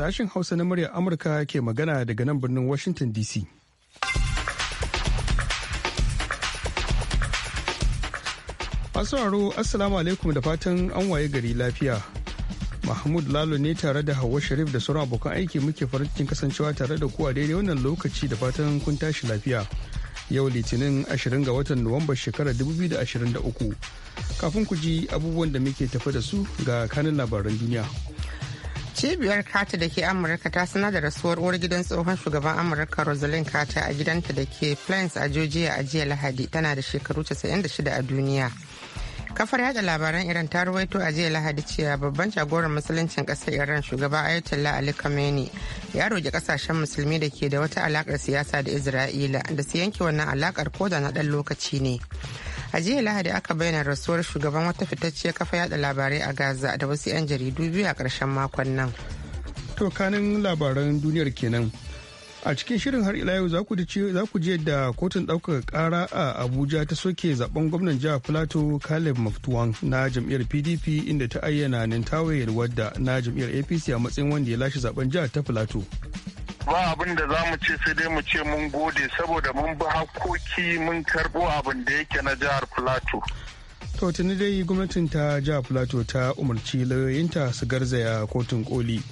Sashen Hausa na muryar Amurka ke magana daga nan birnin Washington DC. Masu sauraro Assalamu alaikum da fatan an waye gari lafiya. Mahmud Lalo ne tare da hawa Sharif da sauran abokan aiki muke farin kasancewa tare da kuwa daidai wannan lokaci da fatan kun tashi lafiya. Yau Litinin 20 ga watan Nuwamba shekarar 2023. Kafin ku ji abubuwan da muke tafi da su ga kanin labaran duniya. cibiyar kata da ke amurka ta sanar da rasuwar uwar gidan tsohon shugaban amurka rosalind carter a gidanta da ke plains a georgia a jiya lahadi tana da shekaru 96 a duniya kafar yada labaran iran ta ruwaito a jiya lahadi cewa babban jagoran musuluncin kasar iran shugaba ayatollah ali khamenei ya roƙi kasashen musulmi da ke da wata alakar siyasa da isra'ila da su yanke wannan alakar da na ɗan lokaci ne a jiya lahadi aka bayyana rasuwar shugaban wata fitacciyar kafa yada labarai a gaza da wasu 'yan jaridu biyu a karshen makon nan to kanin labaran duniyar kenan a cikin shirin har ila yau za ku je da kotun daukar kara a abuja ta soke zaben gwamnan jihar plateau caleb maftuwan na jam'iyyar pdp inda ta ayyana nintawe wadda na jam'iyyar apc a matsayin wanda ya lashe zaben jihar ta plateau ba abin da za mu ce sai dai mu ce mun gode saboda mun bi hakkoki mun karɓo abin da yake na jihar plateau to tuni dai gwamnatin ta jihar plateau ta umarci lauyoyinta su garzaya kotun koli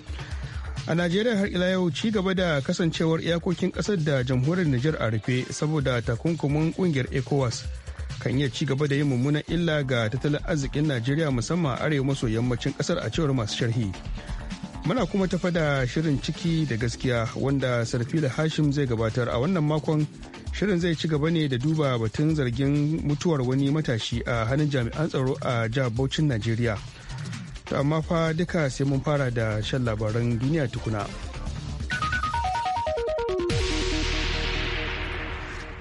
a najeriya har ila yau ci gaba da kasancewar iyakokin kasar da jamhuriyar niger a rufe saboda takunkumin kungiyar ecowas kan iya ci gaba da yin mummunan illa ga tattalin arzikin najeriya musamman arewa maso yammacin kasar a cewar masu sharhi Muna kuma tafa da shirin ciki da gaskiya wanda Sarfila Hashim zai gabatar a wannan makon shirin zai ci gaba ne da duba batun zargin mutuwar wani matashi a hannun jami'an tsaro a jihar Bauchin Najeriya. amma fa duka sai mun fara da shan labaran duniya tukuna.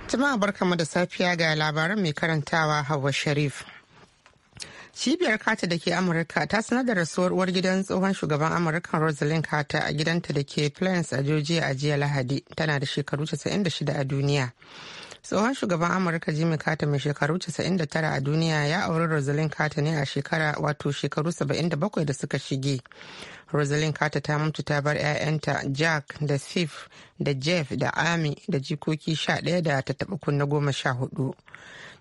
Jama'a barkamu da safiya ga labaran mai karantawa Hauwa Sharif. cibiyar kata da ke amurka ta sanar da rasuwar uwar gidan tsohon shugaban amurka rosalind carter a gidanta da ke plains a georgia a jiya lahadi tana da shekaru 96 a duniya tsohon shugaban amurka jimmy carter mai shekaru 99 a duniya ya auri rosalind carter ne a shekara wato shekaru 77 da suka shige rosalind carter ta mutu ta bar 'ya'yanta jack da steve da jeff da amy da jikoki 11 da ta taba kunna goma sha hudu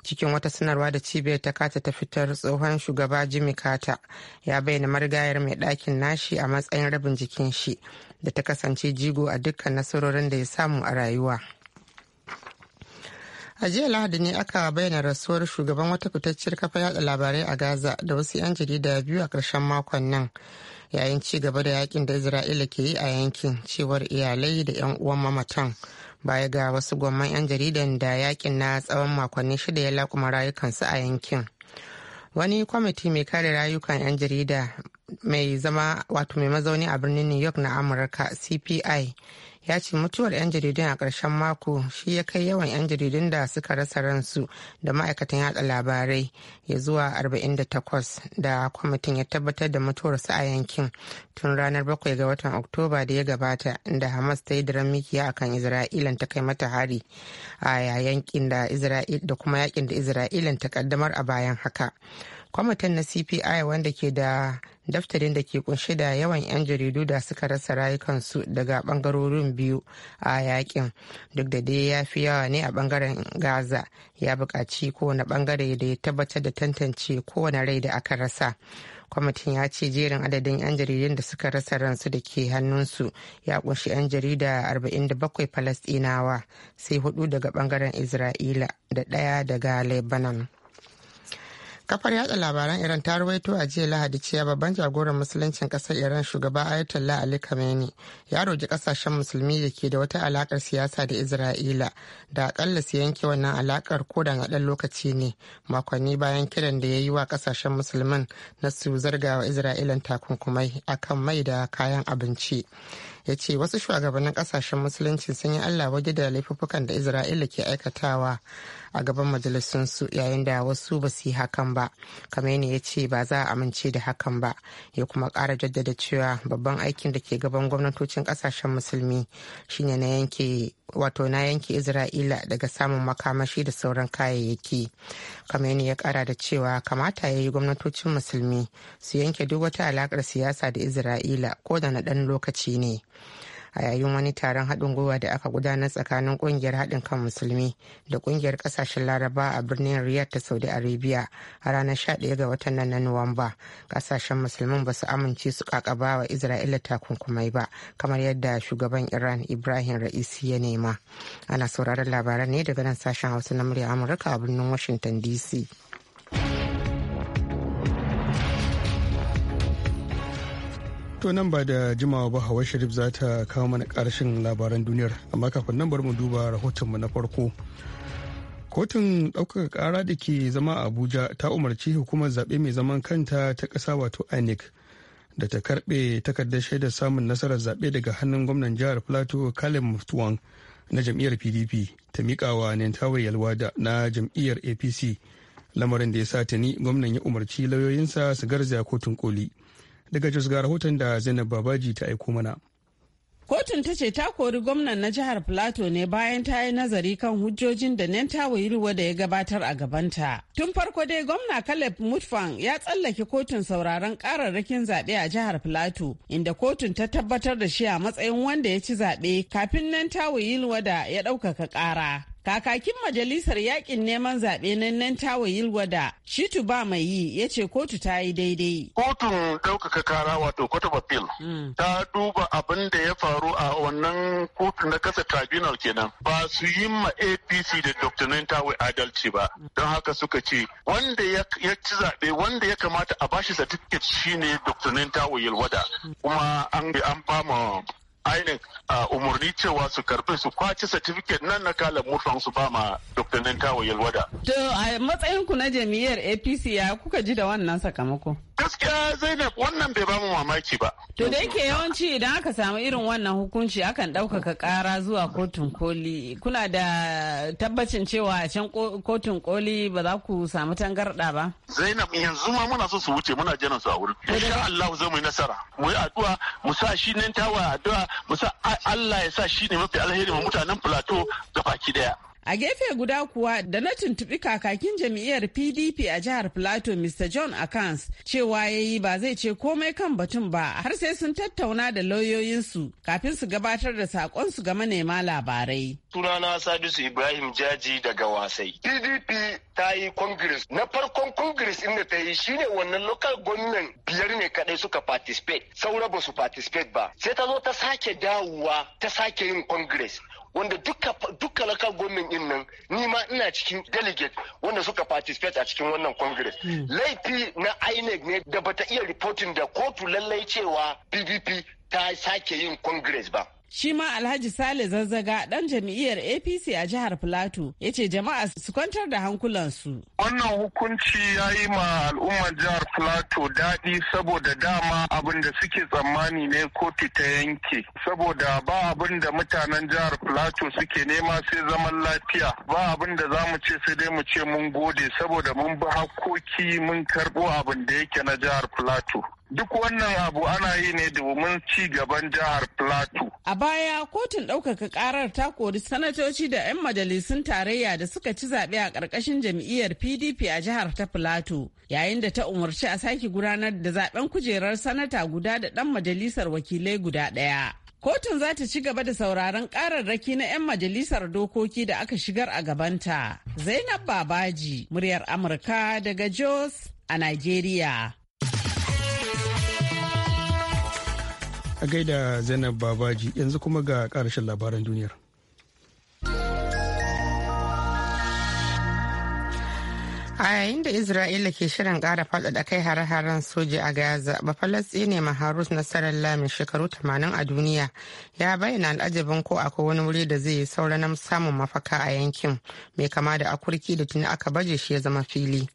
cikin wata sanarwa da cibiyar ta kata ta fitar tsohon shugaba jimmy carter ya bayyana marigayar mai ɗakin nashi a matsayin rabin jikin shi da ta kasance jigo a dukkan nasarorin da ya samu a rayuwa a jiya lahadi ne aka bayyana rasuwar shugaban wata fitacciyar kafa yada labarai a gaza da wasu 'yan jarida biyu a ƙarshen makon nan yayin ci gaba da yakin da isra'ila ke yi a yankin cewar iyalai da 'yan uwan mamatan baya ga wasu gwamman 'yan jaridan da yakin na tsawon makonni shida ya lakuma rayukansu a yankin wani kwamiti mai kare rayukan 'yan jarida mai zama wato mai mazauni a birnin new york na amurka cpi ya ce mutuwar 'yan jaridun a ƙarshen mako shi ya kai yawan 'yan jaridun da suka rasa ransu da ma'aikatan yada labarai ya zuwa 48 da kwamitin ya tabbatar da mutuwarsu a yankin tun ranar 7 ga watan oktoba da ya gabata da hamas ta yi daren mikiya a kan isra'ilan ta kai mata hari a yayin da da kuma yakin da isra'ilan ta kaddamar a bayan haka kwamitin na cpi wanda ke da daftarin da ke kunshe da yawan 'yan jaridu da suka rasa rayukansu daga bangarorin biyu a yakin duk da dai ya fi yawa ne a bangaren gaza ya bukaci kowane bangare da ya tabbatar da tantance kowane rai da aka rasa kwamitin ya ce jerin adadin 'yan jaridun da suka rasa ransu da ke hannunsu ya kunshi 'yan jarida 47 falastinawa sai hudu daga bangaren isra'ila da ɗaya daga lebanon kafar yada labaran iran ta ruwaito a jiya lahadi cewa babban jagoran musuluncin kasar iran shugaba ayatollah ali khamenei ya roki kasashen musulmi da ke da wata alakar siyasa da isra'ila da akalla su yanke wannan alakar ko da ɗan lokaci ne makonni bayan kiran da ya yi wa kasashen musulmin na su zargawa isra'ilan takunkumai akan mai da kayan abinci ya ce wasu shugabannin kasashen musulunci sun yi allah waje da laifuffukan da isra'ila ke aikatawa a gaban majalisun su yayin da wasu ba su yi hakan ba ne ya ce ba za a amince da hakan ba ya kuma kara jaddada cewa babban aikin da ke gaban gwamnatocin kasashen musulmi shine na yanke wato na yanke isra'ila daga samun makamashi da sauran kayayyaki ne ya kara da cewa kamata ya yi gwamnatocin musulmi su yanke duk wata alakar siyasa da isra'ila ko da na dan lokaci ne a yayin wani taron haɗin gwiwa da aka gudanar tsakanin ƙungiyar haɗin kan musulmi da ƙungiyar ƙasashen laraba a birnin riyadh ta saudi arabia a ranar 11 ga watan nan na nuwamba ƙasashen musulmin ba su amince su ƙaƙaba wa isra'ila takunkumai ba kamar yadda shugaban iran ibrahim ra'isi ya nema ana sauraron labaran ne daga nan sashen hausa na murya amurka a birnin washington dc to nan ba da jimawa ba hawa sharif za ta kawo mana karshen labaran duniyar amma kafin nan bari mu duba rahotonmu na farko kotun ɗaukaka ƙara da ke zama a abuja ta umarci hukumar zaɓe mai zaman kanta ta ƙasa wato inec da ta karɓe takardar shaidar samun nasarar zaɓe daga hannun gwamnan jihar plateau kalem muftuwan na jam'iyyar pdp ta miƙawa yalwa da na jam'iyyar apc lamarin da ya sa ta ni gwamnan ya umarci lauyoyinsa su garzaya kotun koli. daga jos ga rahoton da zainab babaji ta aiko mana Kotun ta ce ta kori gwamnan na jihar plato ne bayan ta yi nazari kan hujjojin da nan ta Wayiruwa da ya gabatar a gabanta. Tun farko dai gwamna Caleb Mutfan ya tsallake kotun sauraron kararrakin zaɓe a jihar plato inda kotun ta tabbatar da shi a matsayin wanda ya ci zaɓe kafin nan ta Wayiruwa da ya ɗaukaka ƙara. Kakakin Majalisar Yakin Neman Zaɓe na Nantawa shi Shitu ba mai yi ya ce kotu ta yi daidai. Kotun ɗaukaka kara wato kotu bafil hmm. ta duba abin da ya faru a wannan kotu na kasa tribunal kenan. Ba su yi ma APC da Dr. Nantawa adalci ba. Don haka suka ce wanda ya ci zaɓe wanda ya kamata a bashi certificate shine Dr. Nantawa da Kuma an an fama INEC ah, umarni cewa su karbi su kwaci satifiket nan na kala mutuwan su ba ma Dr. nentawa Yalwada. To a matsayin ku na jami'ar APC ya kuka ji da wannan sakamako? Gaskiya Zainab wannan bai bamu mamaki ba. To da yake yawanci idan aka samu irin wannan hukunci akan ɗaukaka ƙara zuwa kotun koli. Kuna da tabbacin cewa a can kotun koli ba za ku samu tangarɗa ba? Zainab yanzu ma muna so su wuce muna jiran su a wurin. Insha Allah zai mu yi nasara. Mu yi addu'a mu sa shi nentawa addu'a musa Allah ya sa shi ne mafi alheri ma mutanen Plateau ga baki daya. A gefe guda kuwa da na tuntuɓi kakakin jam'iyyar PDP a jihar Plateau Mr. John Akans cewa ya yi ba zai ce komai kan batun ba har sai sun tattauna da lauyoyinsu kafin su gabatar da saƙonsu ga manema labarai. Sunana Sadisu Ibrahim Jaji daga Wasai. PDP ta yi Congress. Na farkon Congress inda ta yi shine wannan local government biyar ne kadai suka participate. Saura ba su participate ba. Sai ta zo ta sake dawowa ta sake yin Congress. wanda duka local government din nan nima ina cikin delegate wanda suka participate a cikin wannan congress hmm. laifi na inec ne da bata iya reporting da kotu lallai cewa pdp ta sake yin congress ba Shi ma Alhaji Sale Zazzaga ɗan jam'iyyar APC a jihar Filato ya ce jama'a su kwantar da hankulansu. Wannan hukunci ya yi ma al'ummar jihar Filato daɗi saboda dama abin da suke tsammani ne kotu ta yanke. Saboda ba abin da mutanen jihar Filato suke nema sai zaman lafiya. Ba abinda za mu ce sai dai mu ce mun gode saboda mun bi hakkoki mun karɓo abin da yake na jihar Filato. Duk wannan abu ana yi ne domin ci gaban jihar Plateau. A baya kotun ɗaukaka ƙarar ta kori sanatoci da 'yan majalisun tarayya da suka ci zaɓe a ƙarƙashin jam'iyyar PDP a jihar ta Plateau, yayin da ta umarci a sake gudanar da zaɓen kujerar sanata guda da ɗan majalisar wakilai guda ɗaya. Kotun za ta ci gaba da sauraron ƙararraki na 'yan majalisar dokoki da aka shigar a gabanta. Zainab Babaji, muryar Amurka daga Jos a Najeriya. a gaida zainab babaji yanzu kuma ga karashin labaran duniyar a yayin da isra'ila ke shirin kara faɗaɗa kai hare-haren soja a gaza ne maharus nasarallah mai shekaru 80 a duniya ya bayyana al'ajabin ko akwai wani wuri da zai yi saura na samun mafaka a yankin mai kama da akurki da tuni aka baje shi ya zama fili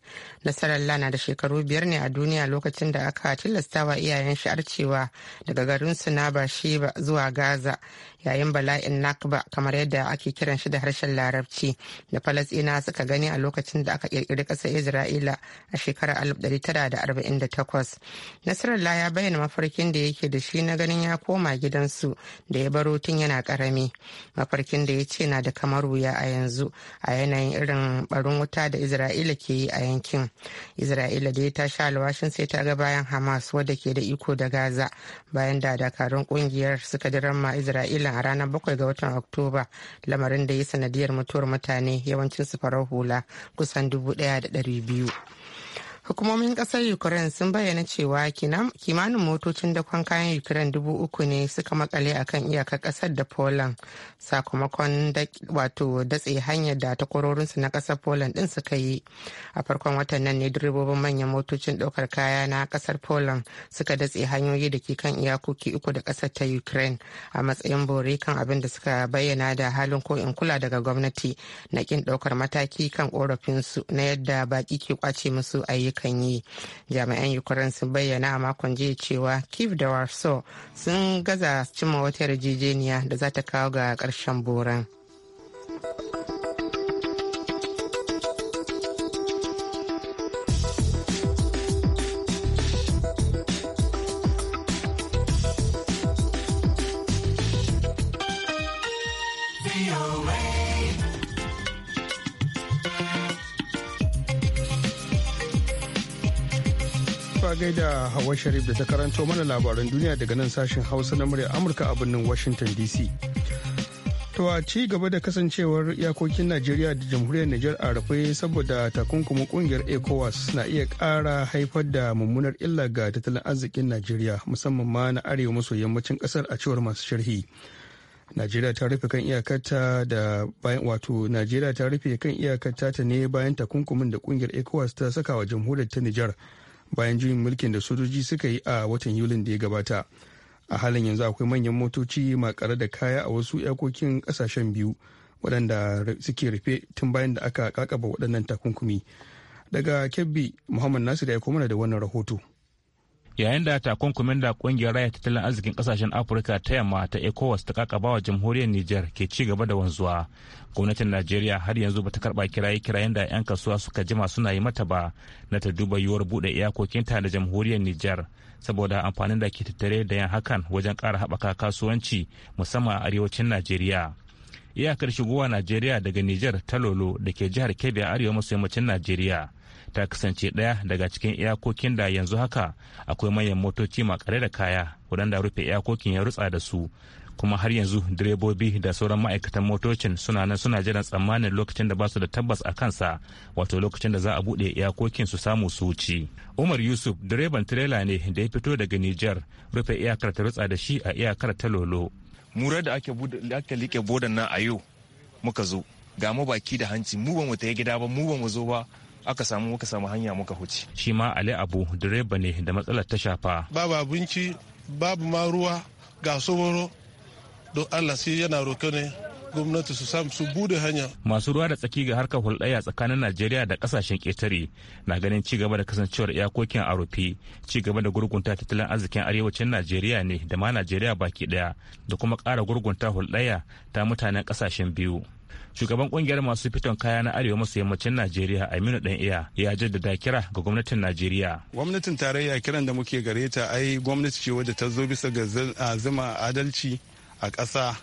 Nasarar na da shekaru biyar ne a duniya lokacin da aka tilastawa iyayen shi arcewa daga garin su na ba zuwa gaza yayin bala'in nakba kamar yadda ake kiran shi da harshen larabci da falasina suka gani a lokacin da aka kirkiri ƙasar isra'ila a shekarar 1948 nasarallah ya bayyana mafarkin da yake da shi na ganin ya koma gidansu da ya baro tun yana karami mafarkin da ya ce na da kamar wuya a yanzu a yanayin irin barin wuta da isra'ila ke yi a yankin isra'ila da ya tashi alwashin sai ta ga bayan hamas wadda ke da iko da gaza bayan da dakarun kungiyar suka diramma isra'ila a ranar bakwai ga watan oktoba lamarin da ya sanadiyar mutuwar mutane yawancin su farar hula kusan dubu ɗaya da ɗari biyu. hukumomin kasar ukraine sun bayyana cewa kimanin motocin dakon kayan ukraine dubu uku ne suka makale a kan iyakar kasar da poland sakamakon wato datse hanyar da takwarorinsu na kasar poland din suka yi a farkon watan nan ne direbobin manyan motocin daukar kaya na kasar poland suka datse hanyoyi da ke kan iyakoki uku da kasar ta ukraine a matsayin bore kan abin da suka bayyana da halin ko in kula daga gwamnati na kin daukar mataki kan korafinsu na yadda baki ke kwace musu ayyuka kan yi jami'an ukraine sun bayyana a makon jiya cewa kiev da warsaw sun gaza cimma wata yarjejeniya da za ta kawo ga ƙarshen boran. a gaida Hawa Sharif da ta karanto mana labaran duniya daga nan sashen Hausa na murya Amurka a birnin Washington DC. To a ci gaba da kasancewar iyakokin Najeriya da jamhuriyar Nijar a rufe saboda takunkumin kungiyar ECOWAS na iya kara haifar da mummunar illa ga tattalin arzikin Najeriya musamman ma na arewa maso yammacin kasar a cewar masu sharhi. Najeriya ta rufe kan iyakarta da bayan wato Najeriya ta rufe kan iyakarta ta ne bayan takunkumin da kungiyar ECOWAS ta saka wa jamhuriyar ta Nijar. bayan juyin mulkin da sojoji suka yi a watan yulin da ya gabata a halin yanzu akwai manyan motoci makare da kaya a wasu iyakokin kasashen biyu waɗanda suke rufe tun bayan da aka kakaba waɗannan takunkumi daga kebbi muhammad nasir ya komana da wannan rahoto yayin da takunkumin da kungiyar raya tattalin arzikin kasashen afirka ta yamma ta ecowas ta kakabawa jamhuriyar niger ke ci gaba da wanzuwa gwamnatin najeriya har yanzu bata karba kiraye kirayen da 'yan kasuwa suka jima suna yi mata ba na ta duba yiwuwar bude ta da jamhuriyar niger saboda amfanin da ke tattare da yan hakan wajen kara haɓaka kasuwanci musamman a arewacin najeriya iyakar shigowa najeriya daga niger ta lolo da ke jihar kebbi a arewa maso yammacin najeriya ta kasance ɗaya daga cikin iyakokin da yanzu haka akwai manyan motoci makare da kaya waɗanda rufe iyakokin ya rutsa da su kuma har yanzu direbobi da sauran ma'aikatan motocin suna nan suna jiran tsammanin lokacin da ba su da tabbas a kansa wato lokacin da za a buɗe iyakokin su samu su wuce umar yusuf direban tirela ne da ya fito daga nijar rufe iyakar ta rutsa da shi a iyakar ta lolo mura da ake liƙe like bodan nan a yau muka zo ga mu baki da hanci mu ba mu ta gida ba mu ba mu zo ba aka samu muka samu hanya muka huce shi ma ali abu direba ne da matsalar ta shafa babu abinci babu ma ruwa ga soboro don allah sai yana roke ne gwamnati su samu su bude hanya. Masu ruwa da tsaki ga harkar hulɗaya tsakanin Najeriya da ƙasashen ƙetare na ganin ci gaba da kasancewar iyakokin arufi ci gaba da gurgunta tattalin arzikin arewacin Najeriya ne da ma Najeriya baki ɗaya da kuma ƙara gurgunta hulɗaya ta mutanen ƙasashen biyu. shugaban kungiyar masu fiton kaya na arewa maso yammacin najeriya aminu dan iya ya jaddada kira ga gwamnatin najeriya gwamnatin tarayya kiran da muke gare ta ai gwamnati ce wadda ta zo bisa ga zuma adalci a ƙasa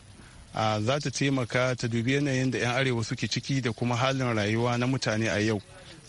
za ta taimaka ta dubi yanayin da 'yan arewa suke ciki da kuma halin rayuwa na mutane a yau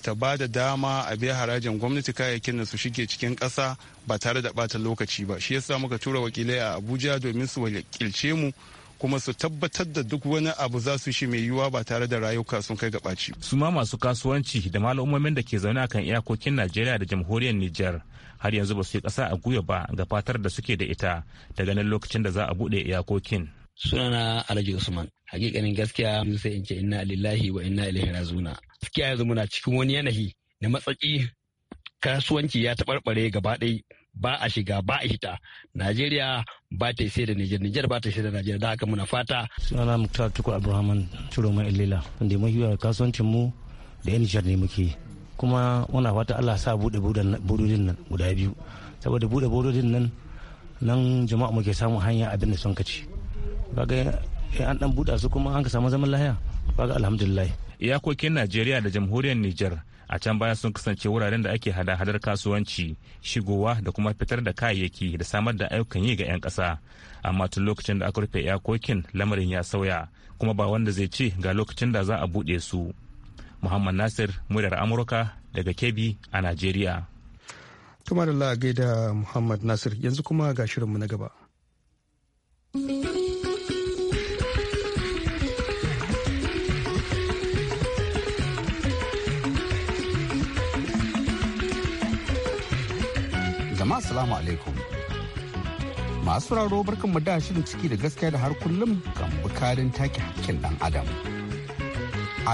ta ba da dama a biya harajin gwamnati kayayyakin da su shige cikin ƙasa ba tare da ɓata lokaci ba shi yasa muka tura wakilai a abuja domin su wakilce mu kuma su tabbatar da duk wani abu za su shi mai yiwuwa ba tare da rayuka sun kai ga ɓaci. su ma masu kasuwanci da malamomin da ke zaune akan iyakokin najeriya da jamhuriyar niger har yanzu ba su yi ƙasa a guya ba ga fatar da suke da ita da ganin lokacin da za a buɗe iyakokin. sunana alhaji usman hakikanin gaskiya mun sai in ce inna lillahi wa inna ilaihi raji'un gaskiya yanzu muna cikin wani yanayi na matsaki kasuwanci ya taɓarɓare gaba ɗaya ba a shiga ba a hita najeriya ba ta sai da nijar nijar ba ta sai da najeriya da haka muna fata sunana muktar tuku abrahaman turo mai illila wanda mahiwa kasuwancin mu da yan nijar ne muke kuma muna fata allah sa bude budodin nan guda biyu saboda bude budodin nan nan jama'a muke samun hanya abin da sun kaci kaga an dan buda su kuma an ka samu zaman lahiya kaga alhamdulillah iyakokin najeriya da jamhuriyar nijar a can baya sun kasance wuraren da ake hada-hadar kasuwanci shigowa da kuma fitar da kayayyaki da samar da ayyukan yi ga 'yan ƙasa amma tun lokacin da aka rufe iyakokin lamarin ya sauya kuma ba wanda zai ce ga lokacin da za a buɗe su muhammad nasir muryar amurka daga kebbi a najeriya tuma da gaida muhammad nasir yanzu kuma ga shirinmu na gaba assalamu alaikum. Masu raro barkan mu da shirin ciki da gaskiya da har kullum kan bukarin take hakkin dan adam.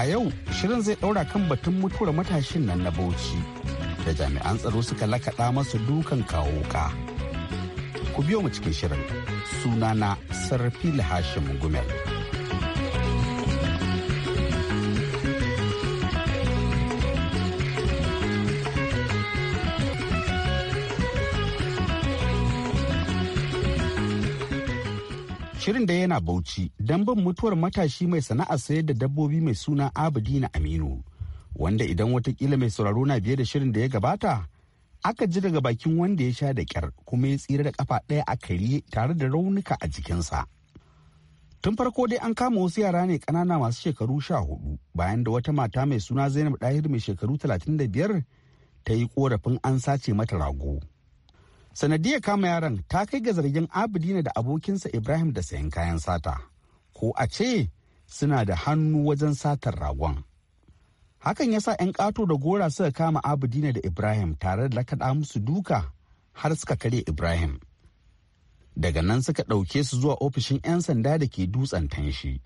A yau shirin zai daura kan batun mutuwar matashin nan na Bauchi da jami'an tsaro suka lakaɗa masa dukan kawo ka. Ku biyo mu cikin shirin sunana Sarfil Hashim Gumel. Shirin da yana bauchi don bin mutuwar matashi mai sana'ar sayar da dabbobi mai suna Abidina Aminu. Wanda idan watakila mai sauraro na biye da shirin da ya gabata, aka ji daga bakin wanda ya sha da kyar kuma ya tsira da kafa ɗaya a kari tare da raunuka a jikinsa. Tun farko dai an kama wasu yara ne ƙanana masu shekaru sha hudu bayan da wata mata mai suna Zainab Dahir mai shekaru talatin da biyar ta yi korafin an sace mata rago. sanadiyar kama yaran ta kai ga zargin abidina da abokinsa ibrahim da sayan kayan sata ko a ce suna da hannu wajen satar ragon hakan ya sa 'yan ƙato da gora suka kama abidina da ibrahim tare da lakaɗa musu duka har suka karya ibrahim daga nan suka ɗauke su zuwa ofishin 'yan sanda da ke dutsen tanshi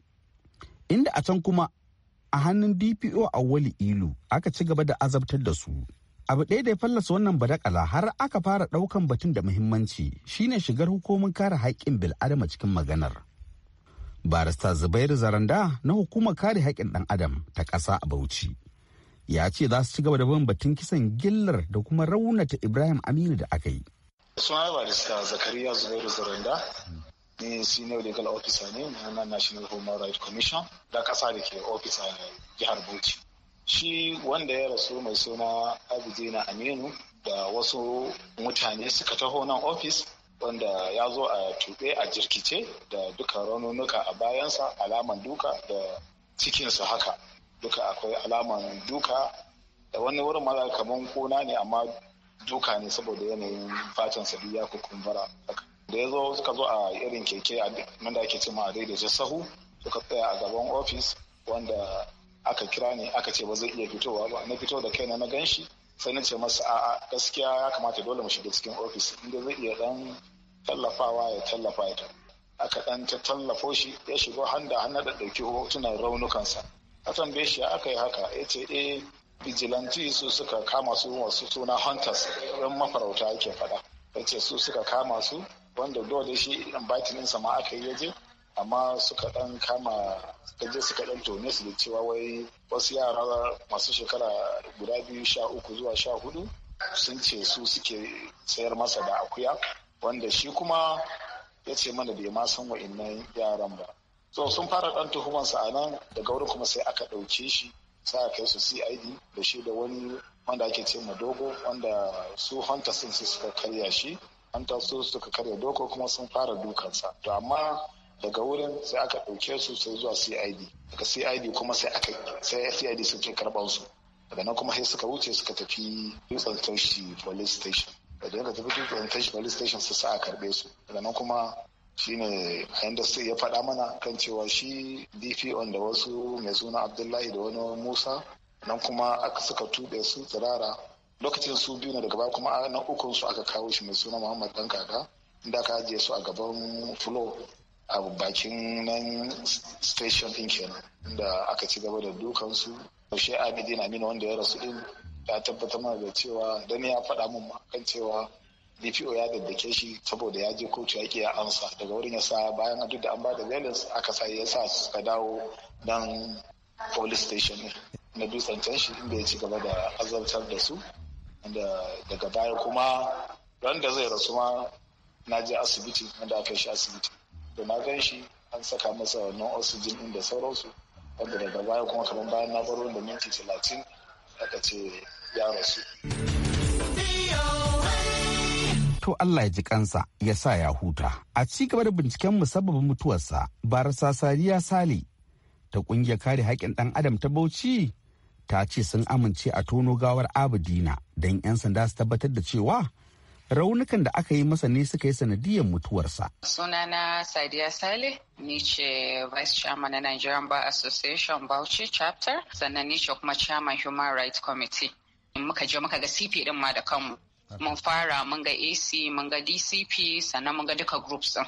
inda a can kuma a hannun dpo wali ilu aka ci gaba da azabtar da su abu ɗaya da ya fallasa wannan badakala har aka fara ɗaukan batun da muhimmanci shine shigar hukumin kare haƙƙin bil'adama cikin maganar barista zubairu zaranda na hukumar kare haƙƙin ɗan adam ta ƙasa a bauchi ya ce za su ci gaba da bin batun kisan gillar da kuma raunata ibrahim aminu da aka yi suna barista zakariya zubairu zaranda ni senior legal officer ne na national human rights commission da ƙasa da ke ofis a jihar bauchi shi wanda ya rasu mai suna abidina aminu da wasu mutane suka taho nan ofis wanda ya zo a tuɓe a jirkice da duka raununuka a bayansa alaman duka da cikinsa haka duka akwai alaman duka da wani wurin mara kamar kuna ne amma duka ne saboda yanayin fatan sabi ya kumbura da ya zo suka zo a irin keke nan da ake cima a daidaita sahu suka tsaya a gaban ofis wanda aka kira ni aka ce ba zai iya fitowa ba na fito da kaina na gan shi sai na ce masa a'a gaskiya ya kamata dole mu shiga cikin ofis inda zai iya dan tallafawa ya tallafa ya aka dan ta tallafo shi ya shigo handa hannu da ɗauki hotunan raunukansa a tambaye shi aka yi haka ya ce eh vigilante su suka kama su masu suna hunters yan mafarauta yake faɗa ya ce su suka kama su wanda dole shi ɗan ɗinsa sama aka yi je? amma suka dan kama je suka dan tone su da cewa wai wasu yara masu shekara guda biyu sha uku zuwa sha hudu sun ce su suke sayar masa da akuya wanda shi kuma ya ce mana bai ma san wa'innan yaran ba so sun fara dan tuhumansa a nan daga wurin kuma sai aka ɗauke shi sai aka kai su cid da shi da wani wanda ake ce ma dogo wanda su hunter sun suka karya shi hunter su suka karya dogo kuma sun fara dukansa to amma daga wurin sai aka ɗauke su sai zuwa cid daga cid kuma sai aka sai cid suke karɓar su daga nan kuma sai suka wuce suka tafi dutsen tashi police station da daga tafi dutsen tashi police station su sa a karɓe su daga nan kuma shine a yanda sai ya faɗa mana kan cewa shi dpo da wasu mai suna abdullahi da wani musa nan kuma aka suka tuɓe su tsirara lokacin su biyu ne daga baya kuma na ukun su aka kawo shi mai suna muhammad dan kaka inda aka ajiye su a gaban flo a bakin nan station din kenan da aka ci gaba da dukansu yaushe amidin amina wanda ya rasu din ya tabbatar mana da cewa dan ya faɗa mun kan cewa dpo ya daddake shi saboda ya je kotu ya ya amsa. daga wurin ya sa bayan duk da an ba da violence aka sa ya sa suka dawo dan police station na dutsen shi inda ya ci gaba da azabtar da su da daga baya kuma ran zai rasu ma na je asibiti wanda aka shi asibiti da na gan shi an saka masa wannan oxygen din da sauransu wanda daga baya kuma kamar bayan na baro da minti talatin aka ce ya rasu. To Allah ya ji kansa ya sa ya huta. A ci gaba da binciken musabbabin mutuwarsa, barasa Sariya Sale ta kungiyar kare haƙƙin ɗan adam ta Bauchi ta ce sun amince a tono gawar abu dina don 'yan sanda su tabbatar da cewa raunukan da aka yi masa ne suka yi sanadiyar mutuwarsa. Sunana Sadiya Sale, ni ce Vice Chairman na Nigerian Bar Association Bauchi Chapter, sannan ni ce kuma Chairman Human Rights Committee. Muka je muka ga CP din ma da kanmu. Mun fara mun ga AC, mun ga DCP, sannan mun ga duka groups din.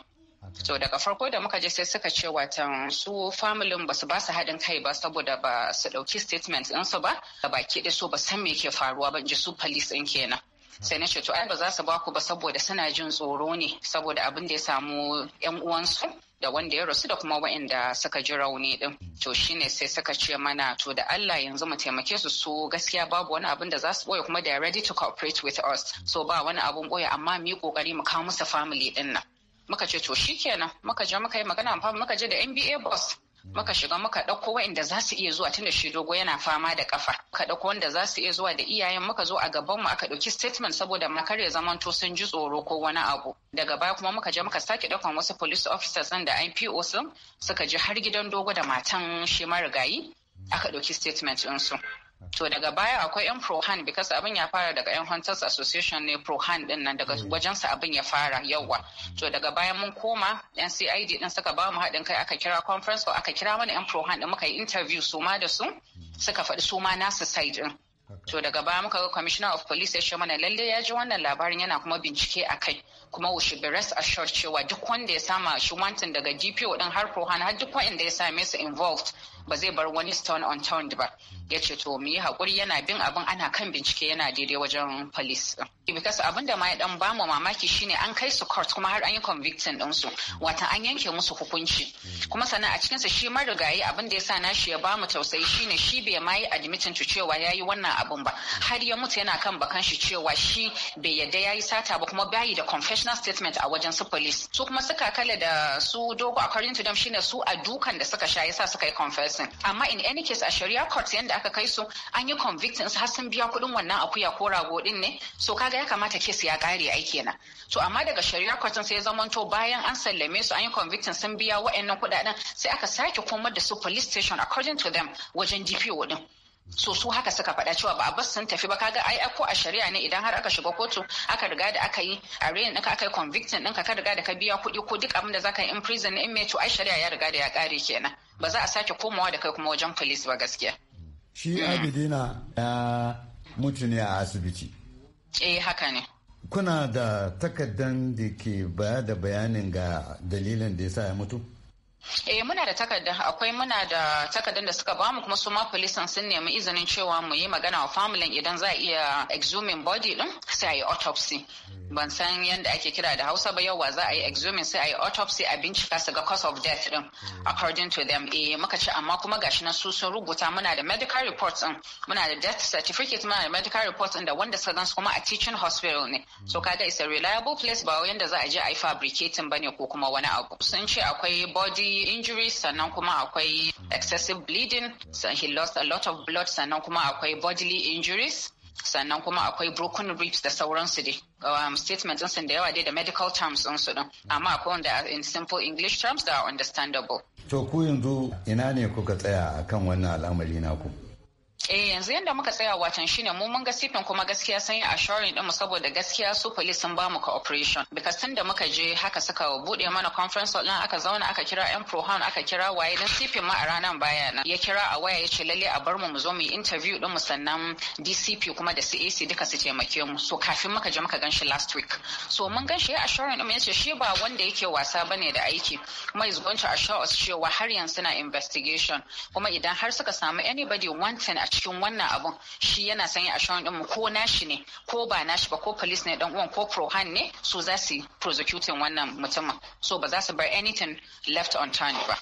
So, daga farko da muka je sai suka ce watan su familin basu ba su haɗin kai ba saboda ba su ɗauki statement ɗinsu ba, baki ɗaya so ba san me ke faruwa ba ji su police ɗin kenan. sai na ce to ai ba za su baku ba saboda suna jin tsoro ne saboda abin da ya samu yan uwansu da wanda ya rasu da kuma waɗanda suka ji rauni din to shine sai suka ce mana to da Allah yanzu mu taimake su so gaskiya babu wani abin da za su boye kuma they are ready to cooperate with us so ba wani abun boye amma mu yi kokari mu kawo musu family din nan muka ce to shikenan muka je muka yi magana muka je da NBA boss muka shiga muka ɗauko wa'inda za su iya zuwa tunda shi dogo yana fama da kafa muka ɗauko wanda za su iya zuwa da iyayen muka zo a gaban mu aka ɗauki statement saboda makar ya zamanto sun ji tsoro ko wani abu daga baya kuma muka je muka sake ɗaukan wasu police officers ɗin da IPO sun suka ji har gidan dogo da matan shi marigayi aka ɗauki statement ɗinsu. To daga baya akwai 'yan Prohan because abin ya fara daga 'yan Hunters Association ne Prohan din nan daga wajen mm. wajensa abin ya fara yawa. Mm. To daga baya mun koma 'yan CID din suka ba mu haɗin kai aka kira conference ko aka kira mana 'yan Prohan din muka yi interview su ma da su mm. suka faɗi su ma nasu side din. To daga baya muka ga Commissioner of Police ya ce mana lalle ya ji wannan labarin yana kuma bincike a kai kuma we should be rest assured cewa duk wanda ya sama shi wantin daga DPO din har Prohan har duk wanda ya same su involved ba zai bar wani stone on unturned ba ya ce to mu yi haƙuri yana bin abin ana kan bincike yana daidai wajen police din because abin da ma ya dan bamu mamaki shine an kai su court kuma har an yi convicting din su wata an yanke musu hukunci kuma sannan a cikin sa shi marigayi abin da yasa shi ya bamu tausayi shine shi bai ma yi admitting to cewa yayi wannan abin ba har ya mutu yana kan bakan shi cewa shi bai yadda yayi sata ba kuma bayi da confessional statement a wajen su police su kuma suka kale da su dogo according to them shine su a dukan da suka sha yasa suka yi confess amma in any case a shari'a court yadda aka kai su an yi convicting har sun biya kuɗin wannan akuya ko rago din ne so kaga ya kamata kes ya kare ai kenan to amma daga shari'a court sai zamanto bayan an sallame su an yi convicting sun biya wa'annan kuɗaɗen sai aka sake komar da su police station according to them wajen DPO din so su haka suka faɗa cewa ba a bas sun tafi ba kaga ai ko a shari'a ne idan har aka shiga kotu aka riga da aka yi rain ɗinka aka yi convictin ɗinka ka riga da ka biya kuɗi ko duk abin da zaka yi in prison in mai to ai shari'a ya riga da ya ƙare kenan ba za a sake komawa da kai kuma wajen police ba gaskiya. shi abidina ya mutu ne a asibiti. eh haka ne. kuna da takardan da ke baya da bayanin ga dalilin da ya sa ya mutu? Eh muna da takardun akwai muna da takardun da suka bamu kuma su ma sun nemi izinin cewa mu yi magana wa familin idan za a iya exhuming body din sai a yi autopsy. Ban san yadda ake kira da Hausa ba yau za a yi exhuming sai a yi autopsy a bincika su ga cause of death din according to them eh muka ce amma kuma gashi nan su sun rubuta muna da medical report din muna da death certificate muna da medical report din da wanda suka gansu kuma a teaching hospital ne. So kaga is a reliable place ba yanda za a je a yi fabricating ne ko kuma wani abu. Sun ce akwai body akwai injuries sannan kuma akwai excessive bleeding so he lost a lot of blood sannan kuma akwai bodily injuries sannan kuma akwai broken ribs da sauransu dai um, statement ɗinsu da yawa dai da medical terms ɗinsu ɗin amma akwai wanda in simple english terms da are understandable to ku yanzu ina ne kuka tsaya akan wannan al'amari naku Eh yanzu yadda muka tsaya watan shine mu mun ga sifin kuma gaskiya sun yi assuring din mu saboda gaskiya su police sun bamu cooperation because tun da muka je haka suka buɗe mana conference hall aka zauna aka kira yan prohan aka kira waye dan sifin ma a ranar baya nan ya kira a waya ya ce lalle a bar mu mu zo mu yi interview din mu sannan DCP kuma da CAC duka su taimake mu so kafin muka je muka ganshi last week so mun ganshi ya assuring din ya ce shi ba wanda yake wasa ba ne da aiki kuma is going to assure us cewa har yanzu na investigation kuma idan har suka samu anybody wanting a cikin wannan abun shi yana sanya a shawon ɗinmu ko nashi ne ko ba nashi ba ko police ne dan uwan ko prohan ne su za su prosecuting wannan mutumin so ba za su bar anything left unturned ba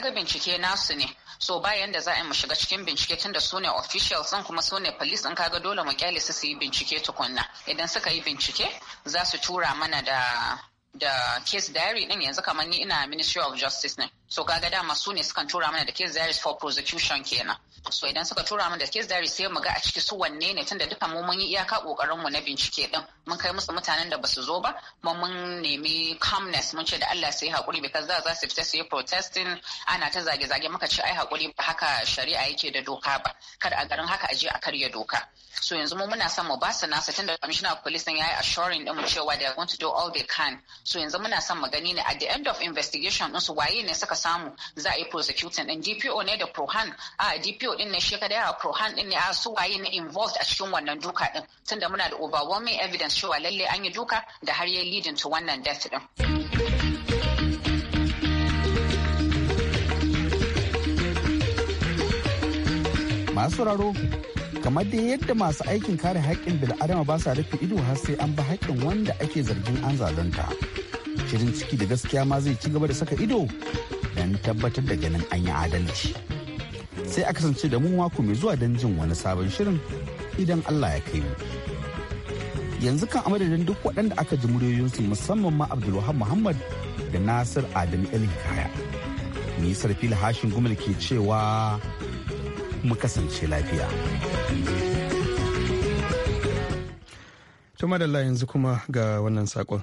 ga bincike nasu ne so bayan da za a mu shiga cikin bincike tunda su ne officials din kuma su ne police din kaga dole mu kyale su su yi bincike tukunna idan suka yi bincike za su tura mana da da case diary din yanzu kamar ni ina ministry of justice ne so kaga dama su ne sukan tura mana da case diaries for prosecution kenan so idan suka tura mana da case diaries sai mu ga a ciki su wanne ne tunda duka mu mun yi iyaka kokarin mu na bincike din mun kai musu mutanen da basu zo ba kuma mun nemi calmness mun ce da Allah sai hakuri because za za su fita su yi protesting ana ta zage zage muka ce ai hakuri ba haka shari'a yake da doka ba kada a garin haka a je a karya doka so yanzu mu muna son mu ba su nasa tunda commissioner of police din yayi assuring din mu cewa they are going to do all they can so yanzu muna son mu gani ne at the end of investigation din su waye ne suka samu za a yi prosecuting din DPO ne da Prohan a DPO din ne shi ka daya Prohan din ne a su waye ne involved a cikin wannan duka din tunda muna da overwhelming evidence cewa lalle an yi duka da har ya leading to wannan death din. masu raro kamar da yadda masu aikin kare haƙƙin bil'adama ba sa rufe ido har sai an ba haƙƙin wanda ake zargin an zalunta shirin ciki da gaskiya ma zai ci gaba da saka ido don tabbatar da ganin an yi adalci. Sai a kasance da mu mako mai zuwa don jin wani sabon shirin idan Allah ya kai mu. Yanzu kan amadadin duk waɗanda aka ji muryoyinsu musamman ma Abdulwahab Muhammad da Nasir Adam El yi sarfi da Hashin Gumal ke cewa mu kasance lafiya. Tuma da yanzu kuma ga wannan saƙon.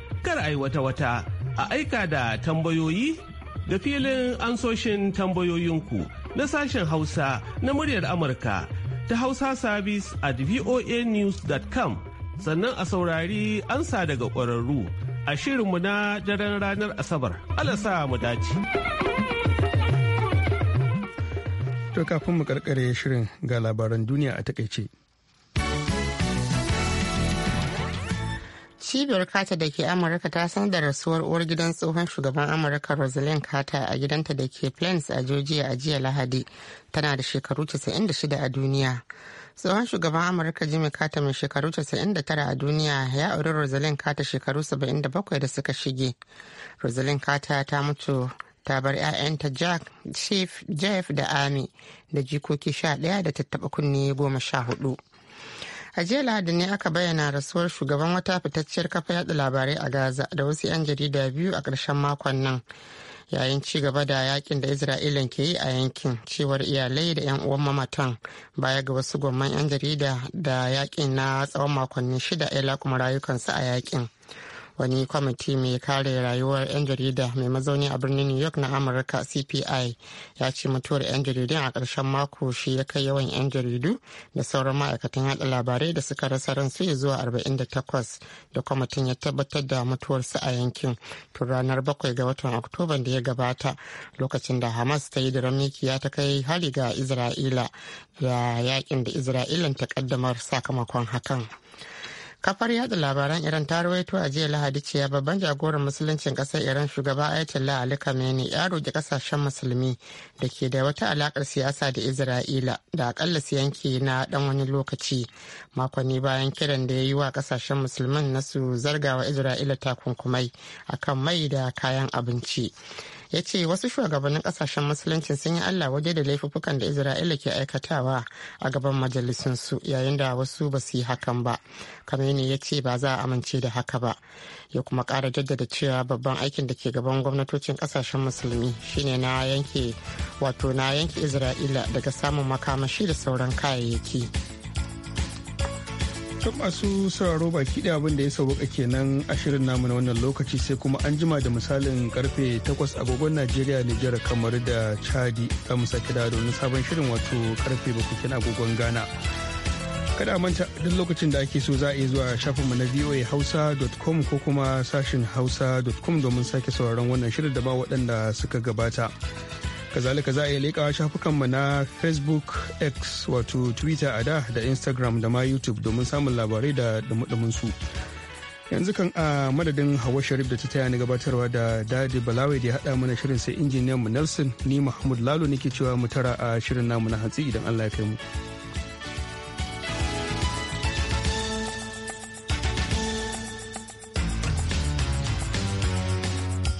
kar a yi wata-wata a aika da tambayoyi da filin ansoshin tambayoyinku na sashen hausa na muryar amurka ta hausa service at voanews.com sannan a saurari ansa daga ƙwararru a shirinmu na daren ranar asabar alasa mu dace to kafin mu karkare shirin ga labaran duniya a takaice cibiyar kata da ke amurka ta sanar da rasuwar uwar gidan tsohon shugaban amurka rosalind kata a gidanta da ke plains a georgia a jiya lahadi tana da shekaru 96 a duniya tsohon shugaban amurka jimmy carter mai shekaru 99 a duniya ya auri rosalind kata shekaru 77 da suka shige rosalind kata ta mutu ta bar 'ya'yanta jack chief jeff da ami da jikoki 11 da tattaba kunne goma sha hudu. a jiya lahadi ne aka bayyana rasuwar shugaban wata fitacciyar kafa yada labarai a gaza da wasu 'yan jarida biyu a ƙarshen makon nan yayin ci gaba da yakin da isra'ila ke yi a yankin cewar iyalai da 'yan uwan mamatan baya ga wasu gwamman 'yan jarida da yakin na tsawon makonni shida ya lakuma rayukansu a yakin wani kwamiti mai kare rayuwar 'yan jarida mai mazauni a birnin new york na amurka cpi ya ce mutuwar 'yan jaridun a karshen mako shi ya kai yawan 'yan jaridu da sauran ma'aikatan yada labarai da suka rasa su zuwa 48 da kwamitin ya tabbatar da su a yankin tun ranar 7 ga watan oktoba da ya gabata lokacin da hamas ta yi da ramiki ya ta kai hari ga isra'ila da yakin da isra'ilan ta kaddamar sakamakon hakan kafar yada labaran iran ta rawaito a jiya lahadi cewa babban jagoran musuluncin kasar iran shugaba ayatollah ali khamenei ya roƙi kasashen musulmi da ke da wata alakar siyasa da isra'ila da akalla su yanke na dan wani lokaci makonni bayan kiran da ya yi wa kasashen musulmin na su zargawa isra'ila takunkumai akan mai da kayan abinci ya ce wasu shugabannin kasashen musulunci sun yi allah waje da laifuffukan da isra'ila ke aikatawa a gaban su yayin da wasu ba su yi hakan ba kameni ya ce ba za a amince da haka ba ya kuma kara jaddada cewa babban aikin da ke gaban gwamnatocin kasashen musulmi shine na yanke wato na yanke isra'ila daga samun makamashi da sauran kayayyaki. Tun masu sauraro baki da abin da ya sauka kenan a shirin namu na wannan lokaci sai kuma an jima da misalin karfe 8 agogon Najeriya Nijar kamar da Chadi za mu sake da domin sabon shirin wato karfe 7 kenan agogon Ghana. Kada manta duk lokacin da ake so za a yi zuwa shafin mu na voahausa.com ko kuma sashin hausa.com domin sake sauraron wannan shirin da ba waɗanda suka gabata. kazalika za a iya leƙawa shafukanmu na facebook x wato twitter a da da instagram da ma youtube domin samun labarai da dumudumin su yanzu kan a madadin hawa sharif da ta taya ni gabatarwa da dadi balawai da ya haɗa mana shirin sai injiniyan mu nelson ni mahmud lalo nake cewa mu tara a shirin namu na hantsi idan allah ya kai mu.